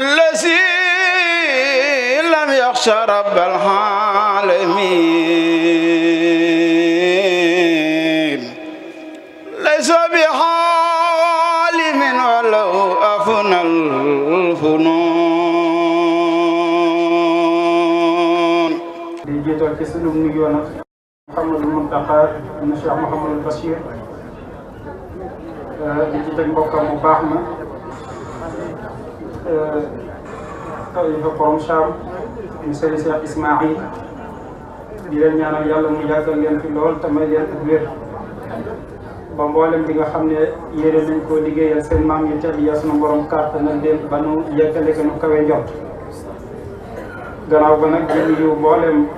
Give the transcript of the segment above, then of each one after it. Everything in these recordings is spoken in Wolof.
الذي لم يخش رب العالمين ليس بعالم ولو أفنى الفنون جيتال كسلوم نيونا محمد المنتقى من الشيخ محمد البشير di ci teg mbokkam bu baax ma Euh, tarixa Borom Saam ñu sëriñ Cheikh Ismaïl di leen ñaanal yàlla mu yàggal leen lool te may leen ba mboolem bi nga xam ne yéene nañ koo liggéeyal seen maam yi tedd ya sunu borom kàttan nañ leen ba nu yeggale ko nu kawe njort gannaaw ba nag di nuyu mboolem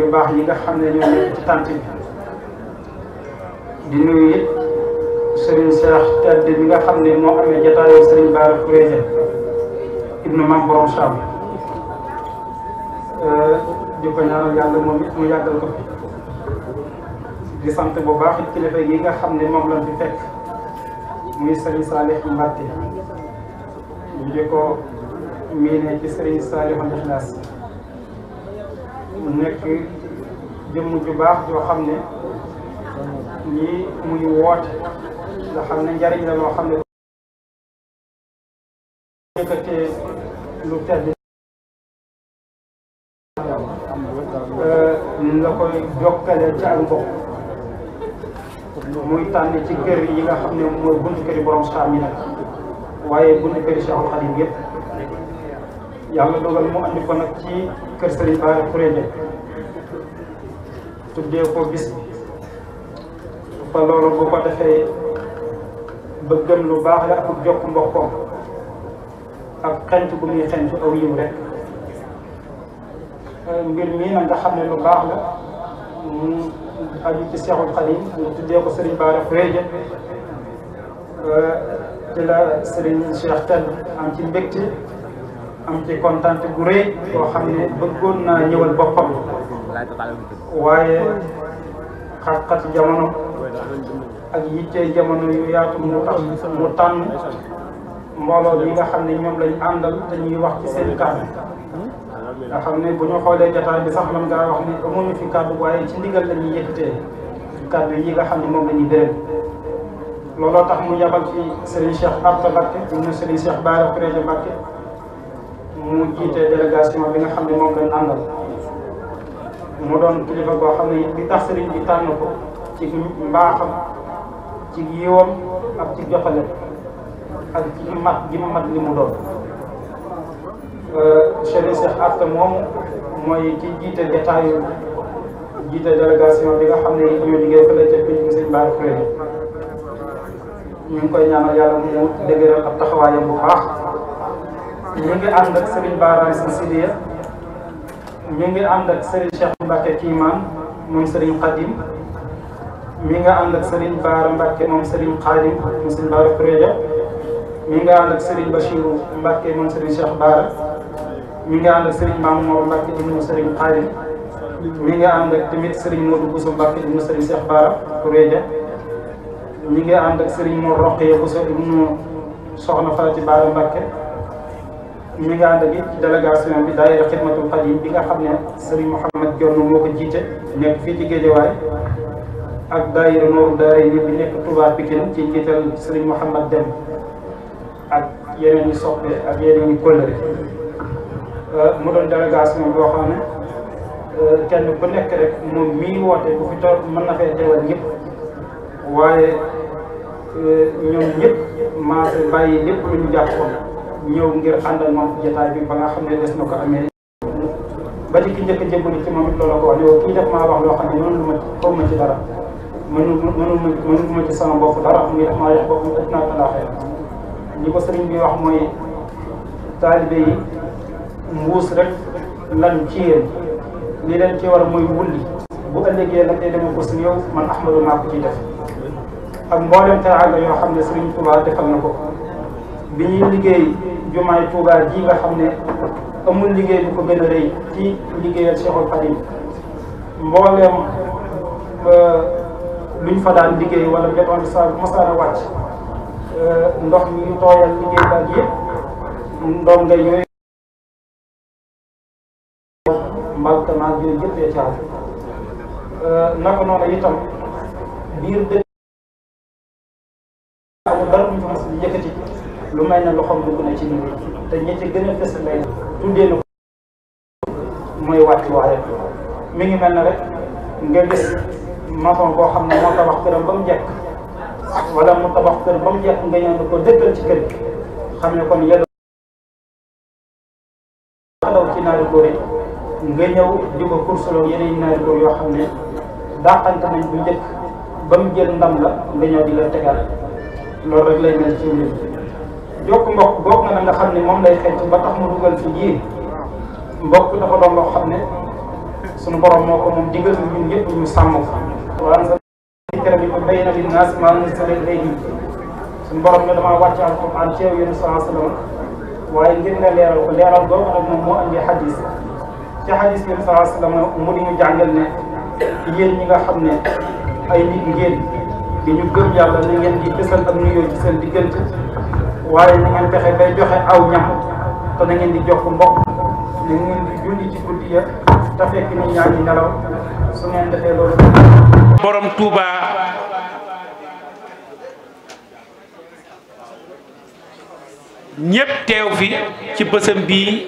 yu baax yi nga xam ne ñoo nekk ci tànt bi di nuyu it sëriñ Cheikh tedd mi nga xam ne moo amee jataayu sëriñ Bara Kuréje ibnu maam borom euh, di ko ñaanal yàlla moom mu yàggal ko di sant bu baax it kilifa yi nga xam ne moom la fi fekk muy sëriñ Saalix Mbàkke ñu di ko miine ci sëriñ Saalix Ndexlaas mu nekk jëmm ju baax joo xam ne ñii muy woote nga xam ne njariñ la loo xam ne ci ak mbokk muy tànn ci kër yi nga xam ne mooy buntu këri borom saam waaye buntu këri Cheikhul Khadim yëpp yàlla mu andi ko nag ci kër Serigne Bara Khourédia tuddee bis ba loolu bu ko defee bëggam lu baax la ak jokk mbokkoom ak xent bu muy xent aw rek mbir mii nag nga ne lu baax la mu aju ci Seexul Xadim ñu tuddee ko Serigne Bara Frédia ci la Serigne Cheikh am ci mbégte am ci kontaan gu rëy boo xam ne bëggoon naa ñëwal boppam waaye xat-xat jamono ak yitte jamono yu yaatu mu mu tànn mbooloo bi nga xam ne ñoom lañ àndal te ñuy wax ci seen kàddu nga xam ne bu ñu xoolee jotaay bi sax man ngaa wax ne amuñu fi kàddu waaye ci ndigal la ñuy yëkkatee kàddu yi nga xam ne moom la ñuy dégg looloo tax mu yabal fi Serigne Cheikh Abdou Mbacké ñu Serigne Cheikh Bara Khourédia bi nga xam ne moom lañ àndal mu doon kilifa boo xam ne li tax Serigne bi tànn ko ci mbaaxam ci yiwam ak ci joxale ak ji mag ji ma mag li mu doon euh, Cheikh Cheikh Atta moom mooy ci jiite jataayu jiite délégation bi nga xam ne ñoo liggéey fële ca pénc mi sëñ Bara Frély ñu ngi koy ñaanal yàlla mu dëgëral ab taxawaayam bu baax ñu ngi ànd ak Serigne Bara Sy Sidiya ñu ngi ànd ak Serigne Cheikh Mbacke Kiimaan moom Serigne Khadim mi nga ànd ak Serigne Bara Mbacke moom Serigne Khadim moom Serigne Bara Frély ñu ngi ànd ak Serigne Bachirou Mbacke moom Serigne Cheikh Bara ñu ngi ànd ak Serigne Mamour Mbacke ibnu Serigne Khadim ñu ngi ànd ak tamit Serigne Modou Bousso Mbacke ibnu Serigne Cheikh ngi ànd ak Serigne Mor Roqee Bousso ibnu Soxna Faati Bara Mbacke ñu ngi ànd ak it délégation bi daayira Xidmatul Xadim bi nga xam ne Serigne Mouhamed Dior moo ko jiite nekk fii ci Géejawaay ak daayira Nooru Daara yi bi nekk Touba Pikine ci jiital Serigne Dem ak yeneen i soppe ak yeneen i kóllëre euh, mu doon délégation boo xam ne euh, kenn ku nekk rek moom mii woote bu fi toog mën na fee teewal ñëpp waaye euh, ñoom ñëpp maase bàyyi lépp lu ñu jàppoon ñëw ngir àndal moom jotaay bi ba nga xam ne des na ko amee ba ci ki njëkk a jébbalu ci moom it loola ko wax ne yow kii def maa wax loo xam ne mënul ma xaw ma ci dara mënul ma mënul ma ci sama bopp dara muy naa ko laaxee li ko sëriñ bi wax mooy taalibe yi mbuus rek lan ci li leen ci war mooy wulli bu ëllëgee lan day demal ko suñu yow man ahmadu maa ko ciy def ak mboolem teraanga yoo xam ne sëriñ Touba defal na ko bi ñuy liggéey jumaay Touba ji nga xam ne amul liggéey bu ko gën a rëy ci liggéeyal Cheikhul Khadim mbooleem euh, luñ fa daan liggéey wala béton bi saa masaana Euh, ndox yu tooyal liggéey baag yëpp ndonga yooyu mbalka naag yooyu yëpp ya caal euh, naka noonu itam biir dëkk amul dara ñu mas di yëkkati lu may na loxoom dugg na ci nit ñi te ñi ci gën a fës lay tuddee na ko mooy wàcc waaye mi ngi mel na rek nga gis maçon boo xam ne moo tabax këram ba mu jekk wala mu tabax kër ba mu jeex nga ñëw ko dëkkal ci kër gi xam ne kon yàlla xalaw nga ñëw di ko kursaloo yeneen naari góor yoo xam ne dàqante nañ bu njëkk ba mu jël ndam la nga ñëw di la tegal loolu rek lay mel ci mbir jokk mbokk bokk nga xam ne moom lay xecc ba tax mu dugal fi yii mbokk xam ne sunu borom moo ko moom digal ñun ñëpp ñu sàmm ko bayyana linnaas maa nuzzila ilayhim suñu borom ne damaa wàcc alquran ci yow yéen saa sallam waaye ngir nga leeral ko leeral googu nag moom moo andi xadis ci xadis yéen saa sallam mu di ñu jàngal ne yéen ñi nga xam ne ay nit ngeen di ñu gëm yàlla na ngeen di fësal ak nuyoo ci seen diggante waaye na ngeen fexe bay joxe aw ñam te na ngeen di jox mbokk na ngeen di julli ci guddi ya te fekk ni ñaa ngi nelaw su ngeen defee loolu. borom Touba. ñépp teew fi ci bësam bii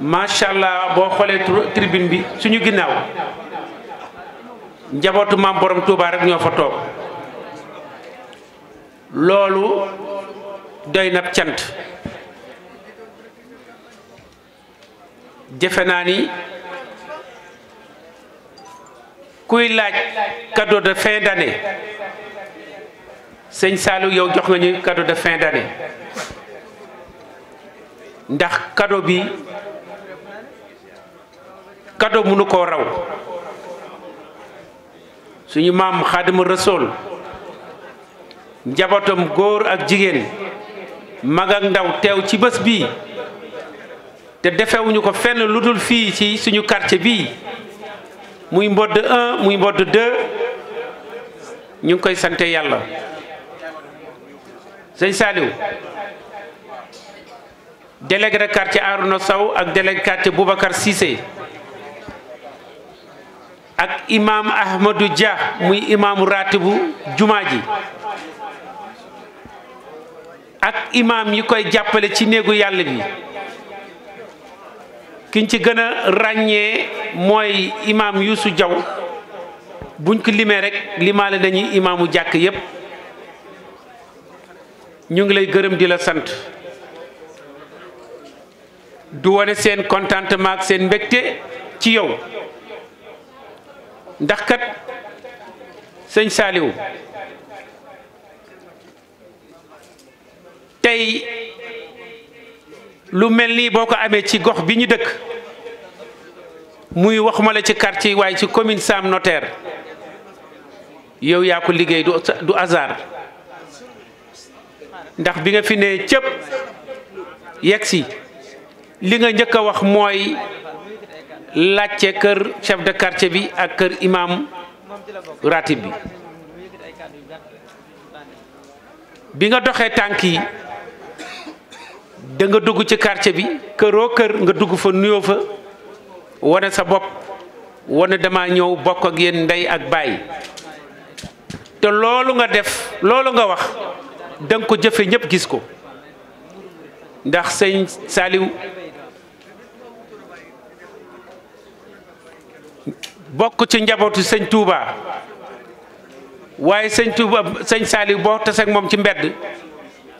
macha allah boo xoolee tribune bi suñu ginnaaw njabootu maam borom Touba ñoo fa toog loolu doy na cant defe naa ni kuy laaj cadeau de fin d'année sëñ Saliou yow jox nga ñu cadeau de fin d'année ndax kado bi cadeau mënu koo raw suñu maam Xaadimu Rasuul njabootam góor ak jigéen mag ak ndaw teew ci bés bii te defewuñu ko fenn lu dul fii ci suñu quartier bii muy mbodd 1 muy mbodd 2 ñu ngi koy sante yàlla sëñ Saliou délégué de quartier Arouna ak délégué quartier Boubacar Cissé ak imam Ahmadou Dia muy imaamu ratibu jumaa ji ak imam yi koy jàppale ci néegu yàlla bi kiñ ci gën a ràññee mooy imam yuusu jaw buñ ko limee rek limaale nañu imaamu jàkk yépp ñu ngi lay gërëm di la sant du wane seen contentement ak seen mbégte ci yow ndax kat sëñ saaliw tey lu mel nii boo ko amee ci gox bi ñu dëkk muy waxuma la ci quartier waaye ci commune Sam Notaire yow yaa ko liggéey du hasard ndax bi nga fi ne cëpp yegg si li nga njëkk a wax mooy laajte kër chef de quartier bi ak kër imam ratib bi bi nga doxee tànk yi da nga dugg ci quartier bi këroo kër nga dugg fa nuyoo wane sa bopp wane dama ñëw bokk ak yéen ndey ak baay te loolu nga def loolu nga wax da nga ko jëfe ñëpp gis ko ndax sëñ Saliou bokk ci njabootu sëñ Touba waaye sëñ Touba sëñ Saliou boo taseeg moom ci mbedd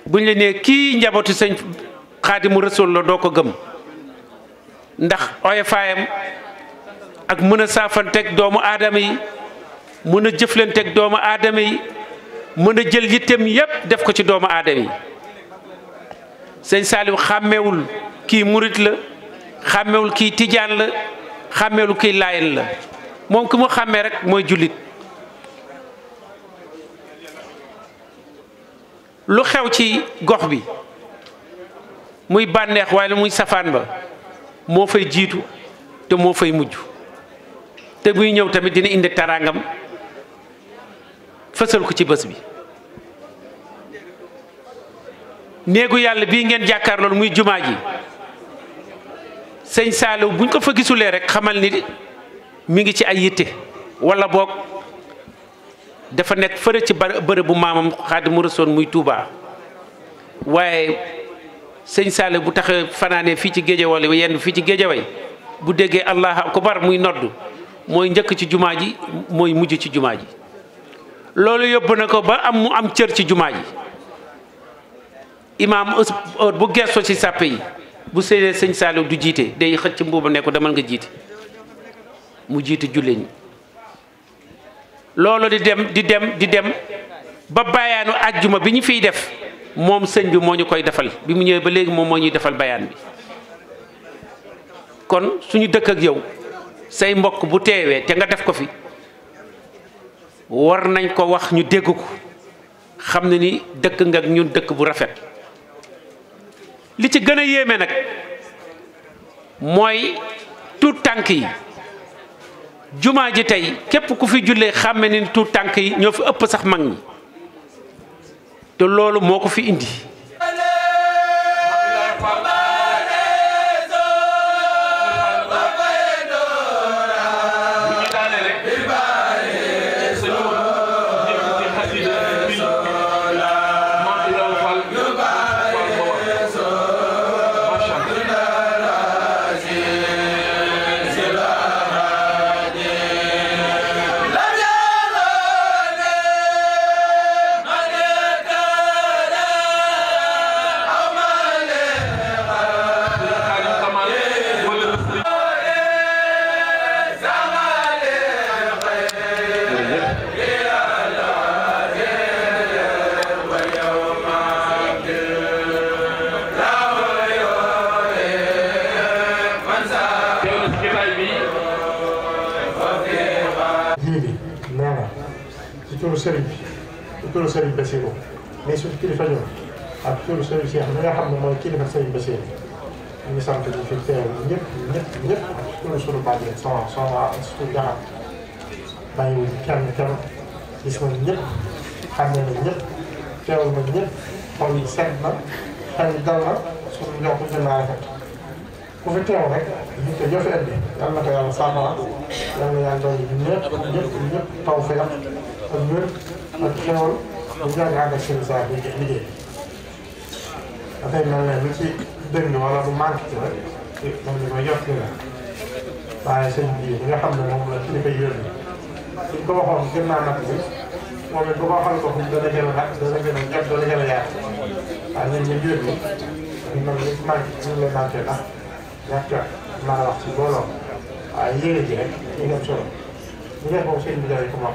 buñ la nee kii njabootu sëñ Xaadimu Rasuul la doo ko gëm ndax oyofaayam ak mën a saafanteeg doomu aadama yi mën a jëflanteeg doomu aadama yi. mën a jël yitteem yépp def ko ci doomu aadama yi sëñ Saliou xàmmewul kii murit la xàmmewul kii tijaan la xàmmewul kii laayen la moom ki mu xàmmee rek mooy jullit lu xew ci gox bi muy bànneex waaye muy safaan ba moo fay jiitu te moo fay mujj te buy ñëw tamit dina indi taraangam fësal ko ci bés bi néegu yàlla bii ngeen jàkkaar loolu muy jumaa ji sëñ Saaliw buñ ko fa gisulee rek xamal ni mi ngi ci ay yitte wala boog dafa nekk fëre ci bërëb bu maamam Xaadimu Rasuul muy tuubaa waaye sëñ Saaliw bu tax fanaanee fii ci Géejawaay yenn fii ci Géejawaay bu déggee allahu akbar muy nodd mooy njëkk ci jumaa ji mooy mujj ci jumaa ji loolu yóbbu na ko ba am mu am cër ci jumaa ji imaam bu gesto ci sàpp yi bu séenee sëñ Saliou du jiite day xëcc mbuuba ne ko demal nga jiite mu jiitu jullit ñi loolu di dem di dem di dem ba bayaanu àjjuma bi ñu fiy def moom sëñ bi moo ñu koy defal bi mu ñëwee ba léegi moom moo ñuy defal bayaan bi kon suñu dëkk ak yow say mbokk bu teewee te nga def ko fi war nañ ko wax ñu dégg ko xam ne ni dëkk nga ak ñun dëkk bu rafet li ci gën a yéeme nag mooy tuut tànk yi jumaa ji tey képp ku fi jullee xàmme ni tuut tànk yi ñoo fi ëpp sax mag ñi te loolu moo ko fi indi turu sëriñ bi ci turu sëriñ Basiiru mais suñu kilifa ñoom ak turu sëriñ Cheikh mi nga xam ne mooy kilifa sëriñ Basiiru ñu ngi sant ñu fi teew ñëpp ñëpp ñëpp turu suñu bàjjen sama sama suñu jaxat bàyyiwuñ kenn kenn gis nañ ñëpp xam ne nañ ñëpp teewal nañ ñëpp xol yi set na xel yi dal na suñu ñoo ko gën a rafet ku fi teew rek ñu ko jëfe indi yal na ko yàlla sàmmala yal na yàlla doon ñëpp ñëpp ñëpp taw fi ak wér ak xewal ak ñaari ànd ak seen saa bi liggéey dafay mel ne lu ci dënn wala bu manqué ci rek man ni ma yokk la waaye sëñ bi li nga xam ne moom la kilifa yónni suñ ko waxoon gën naa natt bi moom it bu ko waxal ko fu dana gën a nag dana gën a jot dana gën a yaatu waaye ñun ñu yónni ñu mel ni manqué ñu ngi lay manqué ndax ñàkk mën a wax ci mbooloo waaye yéene ji rek ñu dem solo ñu ngeen moom sëñ bi jaay ko moom